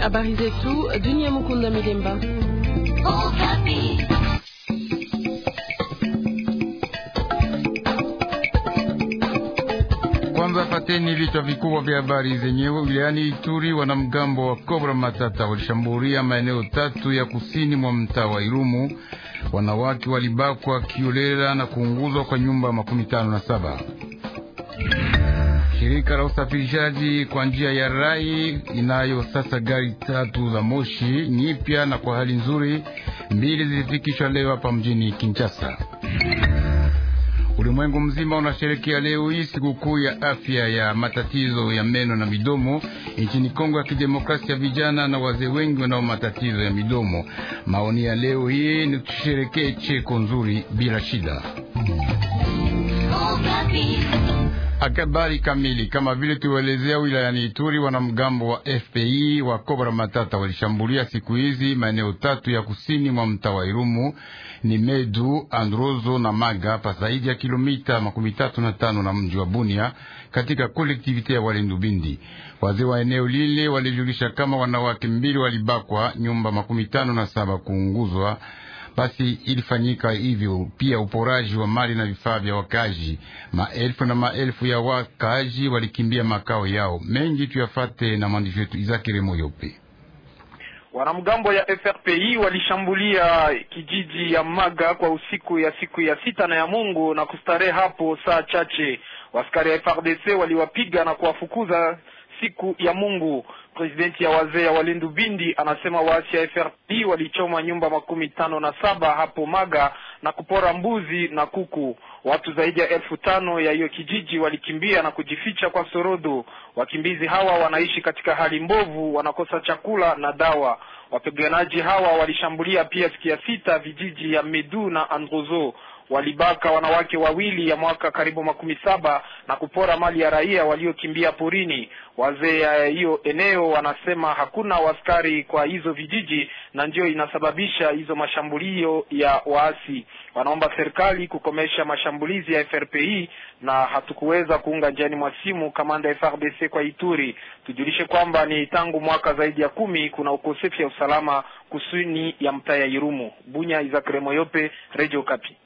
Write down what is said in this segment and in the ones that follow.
Habari zetu dunia. Mukunda Milemba. Kwanza pateni vichwa vikubwa vya habari zenyewe. Wilayani Ituri, wanamgambo wa Kobra Matata walishambulia maeneo tatu ya kusini mwa mtaa wa Irumu. Wanawake walibakwa kiolela na kuunguzwa kwa nyumba makumi tano na saba. Shirika la usafirishaji kwa njia ya rai inayo sasa gari tatu za moshi nyipya na kwa hali nzuri, mbili zilifikishwa leo hapa mjini Kinshasa. Ulimwengu mzima unasherekea leo hii sikukuu ya afya ya matatizo ya meno na midomo. Nchini Kongo ya Kidemokrasia, vijana na wazee wengi wanao matatizo ya midomo. Maoni ya leo hii ni tusherekee cheko nzuri bila shida. Oh, Akabari kamili kama vile tuelezea, wilayani Ituri wanamgambo wa FPI wa Kobra Matata walishambulia siku hizi maeneo tatu ya kusini mwa mtaa wa Irumu ni Medu, Androzo na Maga pa zaidi ya kilomita makumi tatu na tano na mji wa Bunia katika kolektivite ya Walendu Bindi. Wazee wa eneo lile walijulisha kama wanawake mbili walibakwa, nyumba makumi tano na saba kuunguzwa basi ilifanyika hivyo pia uporaji wa mali na vifaa vya wakaji Maelfu na maelfu ya wakaji walikimbia makao yao. Mengi tuyafate na mwandishi wetu Izakire Moyope. Wanamgambo ya FRPI walishambulia kijiji ya Maga kwa usiku ya siku ya sita na ya Mungu na kustarehe hapo saa chache. Waskari ya FRDC waliwapiga na kuwafukuza siku ya Mungu. Presidenti ya wazee ya walindu Bindi anasema waasi ya FRP walichoma nyumba makumi tano na saba hapo Maga na kupora mbuzi na kuku. Watu zaidi ya elfu tano ya hiyo kijiji walikimbia na kujificha kwa Sorodo. Wakimbizi hawa wanaishi katika hali mbovu, wanakosa chakula na dawa. Wapiganaji hawa walishambulia pia sikia sita vijiji ya Medu na Androzo walibaka wanawake wawili ya mwaka karibu makumi saba na kupora mali ya raia waliokimbia porini. Wazee ya hiyo eneo leo wanasema hakuna waskari kwa hizo vijiji, na ndiyo inasababisha hizo mashambulio ya waasi. Wanaomba serikali kukomesha mashambulizi ya FRPI, na hatukuweza kuunga njiani mwa simu kamanda FRDC kwa Ituri. Tujulishe kwamba ni tangu mwaka zaidi ya kumi kuna ukosefu ya usalama kusini ya mtaa ya Irumu. Bunya, Izakremoyope, Radio Kapi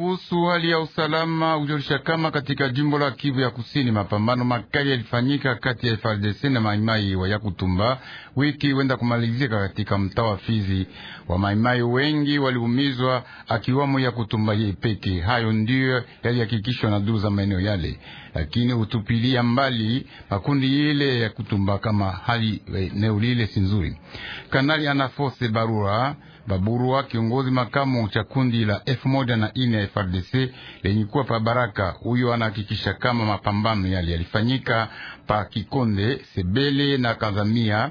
kuhusu hali ya usalama hujulisha kama katika jimbo la Kivu ya Kusini mapambano makali yalifanyika kati ya FARDC na maimai wa Yakutumba wiki wenda kumalizika katika mtaa wa Fizi. Wa maimai wengi waliumizwa, akiwamo Yakutumba yepeke. Hayo ndiyo yalihakikishwa na duru za maeneo yale, lakini utupili ya mbali makundi ile ya Kutumba kama hali eh, eneo lile si nzuri. Kanali Anafose Barura baburua kiongozi makamu cha kundi la elfu moja na ine ya FRDC lenye kuwa pa Baraka. Huyo anahakikisha kama mapambano yale yalifanyika pa Kikonde, Sebele na kazamia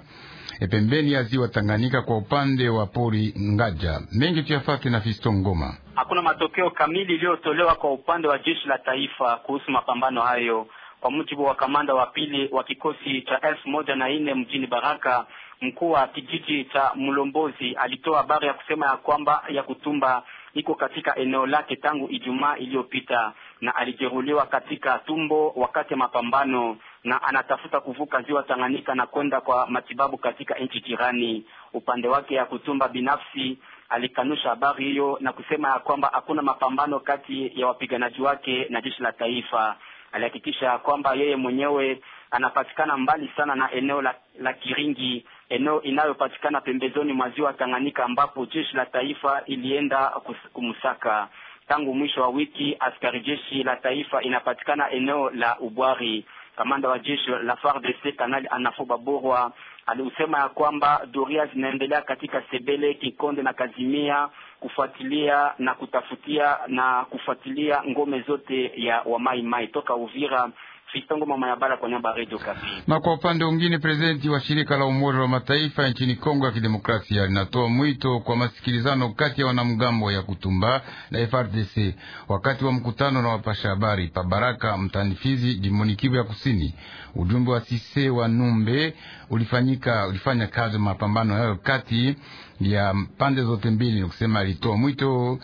e, pembeni ya ziwa Tanganyika kwa upande wa pori Ngaja. Mengi tuyafate na Fisto Ngoma. Hakuna matokeo kamili iliyotolewa kwa upande wa jeshi la taifa kuhusu mapambano hayo, kwa mujibu wa kamanda wa pili wa kikosi cha elfu moja na ine mjini Baraka mkuu wa kijiji cha Mlombozi alitoa habari ya kusema ya kwamba ya kutumba iko katika eneo lake tangu Ijumaa iliyopita na alijeruhiwa katika tumbo wakati ya mapambano na anatafuta kuvuka ziwa Tanganyika na kwenda kwa matibabu katika nchi jirani. Upande wake ya kutumba binafsi alikanusha habari hiyo na kusema ya kwamba hakuna mapambano kati ya wapiganaji wake na jeshi la taifa. Alihakikisha kwamba yeye mwenyewe anapatikana mbali sana na eneo la, la Kiringi eneo inayopatikana pembezoni mwa ziwa Tanganyika, ambapo jeshi la taifa ilienda kumsaka. Tangu mwisho wa wiki, askari jeshi la taifa inapatikana eneo la Ubwari. Kamanda wa jeshi la FARDC Kanali Anafoba Borwa aliusema ya kwamba doria zinaendelea katika Sebele, Kikonde na Kazimia kufuatilia na kutafutia na kufuatilia ngome zote ya Wamaimai toka Uvira. Fistongo mama ya bara kwa niaba Radio Kapi. Na kwa upande mwingine, presidenti wa shirika la Umoja wa Mataifa nchini Kongo ya Kidemokrasia linatoa mwito kwa masikilizano kati ya wanamgambo ya Kutumba na FRDC wakati wa mkutano na wapasha habari pa Baraka mtaani Fizi jimboni Kivu ya Kusini. Ujumbe wa Sise wa Numbe ulifanyika ulifanya kazi mapambano hayo kati ya pande zote mbili, nikusema alitoa mwito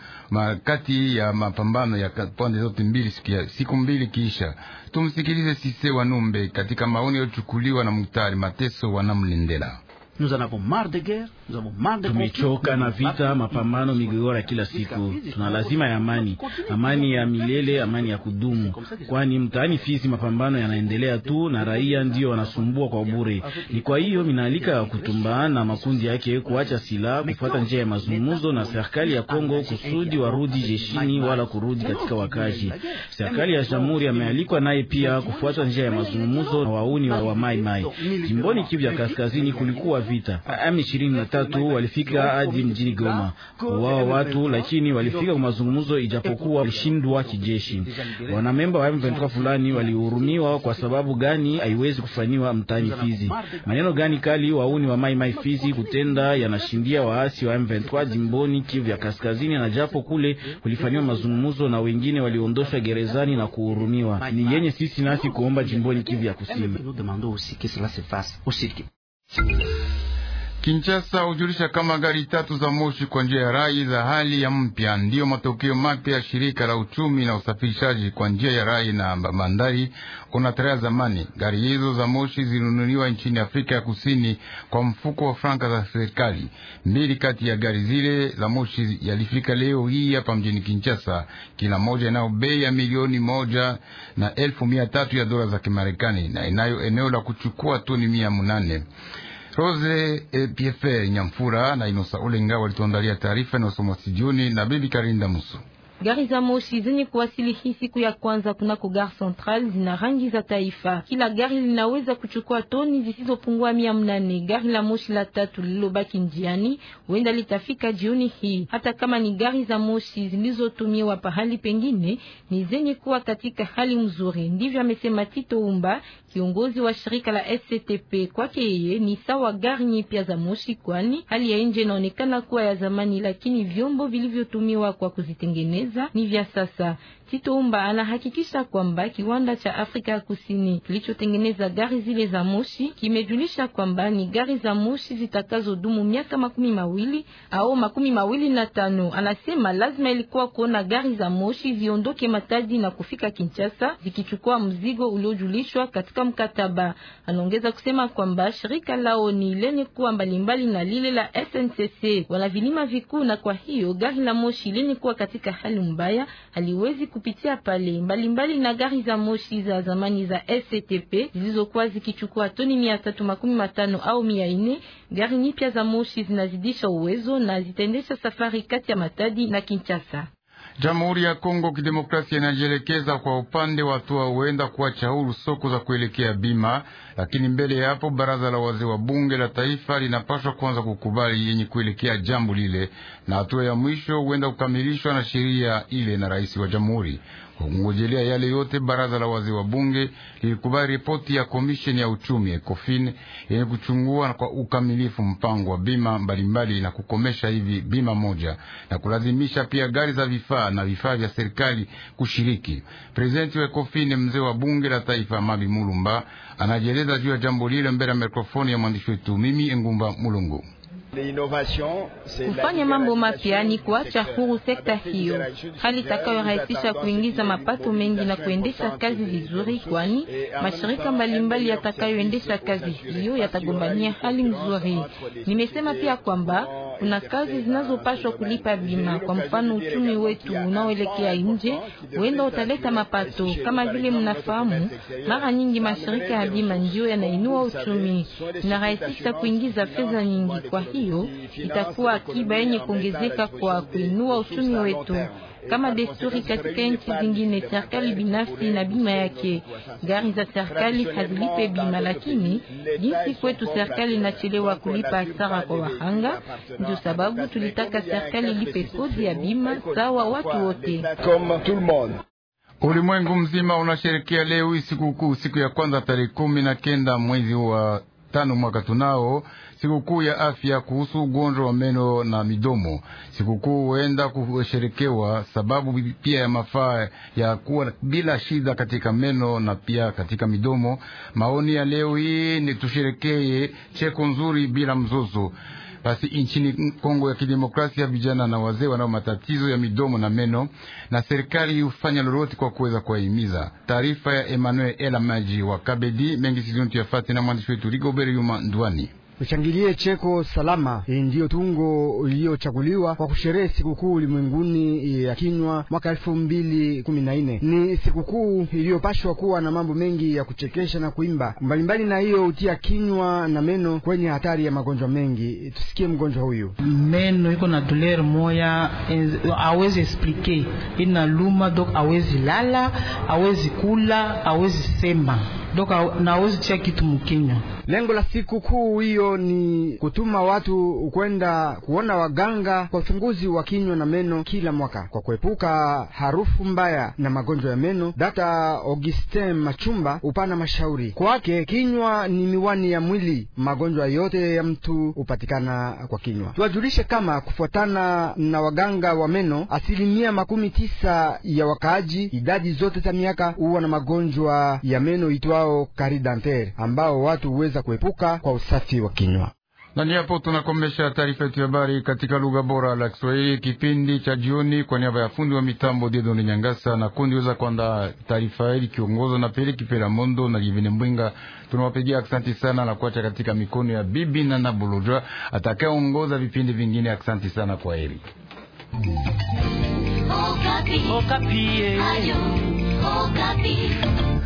kati ya mapambano ya pande zote mbili siku mbili kisha Tumsikilize Sise wa Numbe katika maoni yaliyochukuliwa na Mutari Mateso wa Tumechoka na vita, mapambano, migogoro ya kila siku. Tuna lazima ya amani, amani ya milele, amani ya kudumu, kwani mtaani Fizi mapambano yanaendelea tu na raia ndiyo wanasumbua kwa bure. Ni kwa hiyo minaalika ya kutumbana makundi yake kuacha silaha, kufuata njia ya mazungumzo na serikali ya Kongo kusudi warudi jeshini wala kurudi katika wakazi. Serikali ya jamhuri amealikwa naye pia kufuata njia ya mazungumzo na wauni wa, Mai Mai jimboni Kivu ya kaskazini kulikuwa vita. M23 walifika hadi mjini Goma wao watu, lakini walifika kwa mazungumzo, ijapokuwa walishindwa kijeshi. Wanamemba wa M23 fulani walihurumiwa kwa sababu gani? Haiwezi kufanyiwa mtani Fizi. Maneno gani kali wauni wa maimai mai Fizi kutenda yanashindia waasi wa M23 jimboni Kivu ya Kaskazini, na japo kule kulifanyiwa mazungumzo na wengine waliondoshwa gerezani na kuhurumiwa. Ni yenye sisi nasi kuomba jimboni Kivu ya Kusini. Kinshasa ujulisha kama gari tatu za moshi kwa njia ya rai za hali ya mpya ndiyo matokeo mapya ya shirika la uchumi na usafirishaji kwa njia ya rai na bandari Onatraya zamani. Gari hizo za moshi zilinunuliwa nchini Afrika ya Kusini kwa mfuko wa franka za serikali. Mbili kati ya gari zile za moshi yalifika leo hii hapa mjini Kinshasa, kila moja inayo bei ya milioni moja na elfu mia tatu ya dola za Kimarekani na inayo eneo la kuchukua toni mia munane rose e, Nyamfura na Inosa Olenga walituandalia taarifa inayosomwa sijuni na bibi Karinda Musu. Gari za moshi zenye kuwasili hii siku ya kwanza kunako Gare Central zina rangi za taifa. Kila gari linaweza kuchukua toni zisizopungua mia mnane. Gari la moshi la tatu lililobaki njiani huenda litafika jioni hii. Hata kama ni gari za moshi zilizotumiwa pahali pengine, ni zenye kuwa katika hali mzuri. Ndivyo amesema Tito Umba, kiongozi wa shirika la SCTP. Kwake yeye ni sawa gari nyipya za moshi, kwani hali ya nje inaonekana kuwa ya zamani, lakini vyombo vilivyotumiwa kwa kuzitengeneza Uingereza ni vya sasa. Umba anahakikisha kwamba kiwanda cha Afrika ya Kusini kilichotengeneza gari zile za moshi kimejulisha kwamba ni gari za moshi zitakazodumu miaka makumi mawili au makumi mawili na tano. Anasema lazima ilikuwa kuona gari za moshi ziondoke Matadi na kufika Kinshasa zikichukua mzigo uliojulishwa katika mkataba. Anaongeza kusema kwamba shirika lao ni lenye kuwa mbalimbali na lile la SNCC vilima vikuu, na kwa hiyo gari la moshi lenye kuwa katika hali mbaya aliwezi kupitia pale mbalimbali mbali na gari za moshi za zamani za stp zilizokuwa zikichukua toni mia tatu makumi matano au mia nne. Gari nyipya za moshi zinazidisha uwezo na zitaendesha safari kati ya Matadi na Kinshasa. Jamhuri ya Kongo Kidemokrasia inajielekeza kwa upande wa hatua huenda kuacha huru soko za kuelekea bima, lakini mbele ya hapo baraza la wazee wa bunge la taifa linapaswa kwanza kukubali yenye kuelekea jambo lile, na hatua ya mwisho huenda kukamilishwa na sheria ile na rais wa jamhuri. Kwa kungojelea yale yote, baraza la wazee wa bunge lilikubali ripoti ya komisheni ya uchumi ECOFIN yenye kuchungua kwa ukamilifu mpango wa bima mbalimbali na kukomesha hivi bima moja na kulazimisha pia gari za vifaa na vifaa vya serikali kushiriki. Prezidenti wa ECOFIN mzee wa bunge la taifa Mabi Mulumba anajieleza juu ya jambo lile mbele ya mikrofoni ya mwandishi wetu mimi Engumba Mulungu kufanya mambo mapya ni kuacha huru sekta hiyo, hali itakayorahisisha kuingiza mapato mengi na kuendesha kazi vizuri, kwani mashirika mbalimbali yatakayoendesha kazi hiyo yatagombania hali nzuri. Nimesema pia kwamba kuna kazi zinazopashwa kulipa bima. Kwa mfano, uchumi wetu unaoelekea nje huenda utaleta mapato. Kama vile mnafahamu, mara nyingi mashirika ya bima ndio yanainua uchumi, inarahisisha kuingiza fedha nyingi. Kwa hiyo itakuwa akiba yenye kuongezeka kwa kuinua uchumi wetu. Kama desturi katika nchi zingine, serikali binafsi na bima yake. Gari za serikali hazilipe bima, lakini jinsi kwetu serikali inachelewa kulipa hasara kwa wahanga, ndio sababu tulitaka serikali lipe kodi ya bima sawa watu wote. Ulimwengu mzima unasherekea leo hii sikukuu, siku ya kwanza tarehe kumi na kenda mwezi wa tano mwaka tunao sikukuu ya afya kuhusu ugonjwa wa meno na midomo. Sikukuu huenda kusherekewa sababu pia ya mafaa ya kuwa bila shida katika meno na pia katika midomo. Maoni ya leo hii ni tusherekee cheko nzuri bila mzozo. Basi nchini Kongo ya Kidemokrasia, vijana na wazee wanao matatizo ya midomo na meno, na serikali hufanya lolote kwa kuweza kuwahimiza. Taarifa ya Emmanuel Elamaji wa Kabedi mengi sizontu yafate na mwandishi wetu Rigobert Yuma Ndwani. Tushangilie cheko salama. Hii ndiyo tungo iliyochaguliwa kwa kusherehe sikukuu ulimwenguni ya kinywa mwaka elfu mbili kumi na nne. Ni sikukuu iliyopashwa kuwa na mambo mengi ya kuchekesha na kuimba mbalimbali, na hiyo hutia kinywa na meno kwenye hatari ya magonjwa mengi. Tusikie mgonjwa huyu. Meno iko na douleur moya, awezi explike, inaluma dok, awezi lala, awezi kula, awezi sema doka nawezitia kitu mukinywa. Lengo la siku kuu hiyo ni kutuma watu kwenda kuona waganga kwa uchunguzi wa kinywa na meno kila mwaka kwa kuepuka harufu mbaya na magonjwa ya meno. Data Augustin Machumba upana mashauri kwake, kinywa ni miwani ya mwili, magonjwa yote ya mtu hupatikana kwa kinywa. Tuwajulishe kama kufuatana na waganga wa meno, asilimia makumi tisa ya wakaaji idadi zote za miaka huwa na magonjwa ya meno itwao uitwao karidantere ambao watu huweza kuepuka kwa usafi wa kinywa. Na ni hapo tunakomesha taarifa yetu ya habari katika lugha bora la Kiswahili, kipindi cha jioni. Kwa niaba ya fundi wa mitambo Dedoni Nyangasa na kundi weza kuandaa taarifa hili kiongozwa na Peli Kipela Mondo na Jivine Mbwinga, tunawapigia aksanti sana na kuacha katika mikono ya bibi na Nabulujwa atakayeongoza vipindi vingine. Aksanti sana, kwa heri. Okapi. Okapi. Ayo, Okapi.